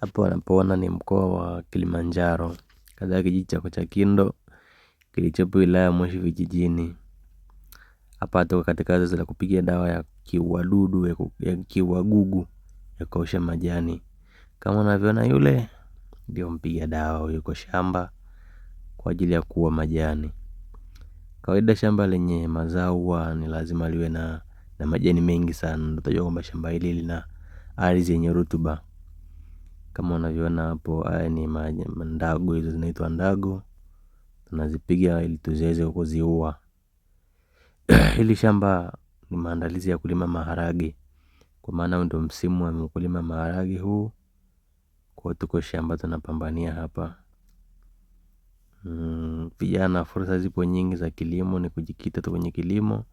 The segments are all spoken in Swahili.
Hapo wanapoona ni mkoa wa Kilimanjaro katika kijiji cha Kochakindo kilichopo wilaya ya Moshi vijijini. Hapa tuko katika zoezi la kupiga dawa ya kiwadudu ya kiwagugu ya kuosha majani. Kama unavyoona yule ndio mpiga dawa huyo kwa shamba kwa ajili ya kuua majani. Kawaida shamba lenye mazao huwa ni lazima liwe na, na majani mengi sana. Utajua kwamba shamba hili lina ardhi yenye rutuba. Kama unavyoona hapo haya ni mandagu, hizo zinaitwa ndagu. Tunazipiga ili tuziweze kuziua. Hili shamba ni maandalizi ya kulima maharage, kwa maana ndio msimu wa kulima maharage huu. Kwa tuko shamba tunapambania hapa. Mm, fursa zipo nyingi za kilimo, ni kujikita tu kwenye kilimo.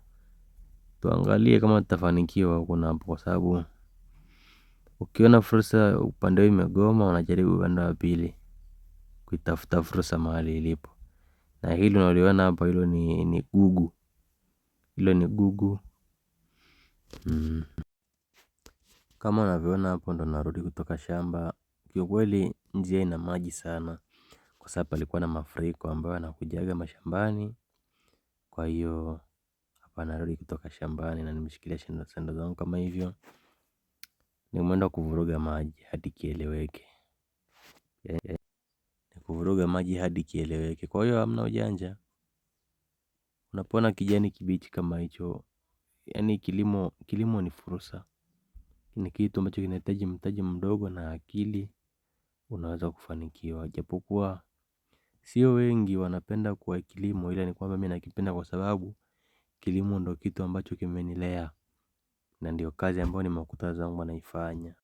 Tuangalie kama tutafanikiwa huko hapo, kwa sababu Ukiona fursa upande huu imegoma unajaribu upande wa pili kuitafuta fursa mahali ilipo. Na hili unaliona hapa hilo ni ni gugu. Hilo ni gugu. mm. Kama unavyoona hapo ndo narudi kutoka shamba. Kiukweli njia ina maji sana. Kwa sababu palikuwa na mafuriko ambayo yanakujaga mashambani. Kwa hiyo hapa narudi kutoka shambani na nimeshikilia sandal zangu kama hivyo nimeenda kuvuruga maji hadi kieleweke. Ni kuvuruga maji hadi kieleweke. Kwa hiyo hamna ujanja. unapona kijani kibichi kama hicho. yani kilimo kilimo ni fursa. Ni kitu ambacho kinahitaji mtaji mdogo na akili unaweza kufanikiwa. Japokuwa sio wengi wanapenda kuwa kilimo ila ni kwamba mimi nakipenda kwa sababu kilimo ndo kitu ambacho kimenilea na ndio kazi ambayo ni makuta wanaifanya.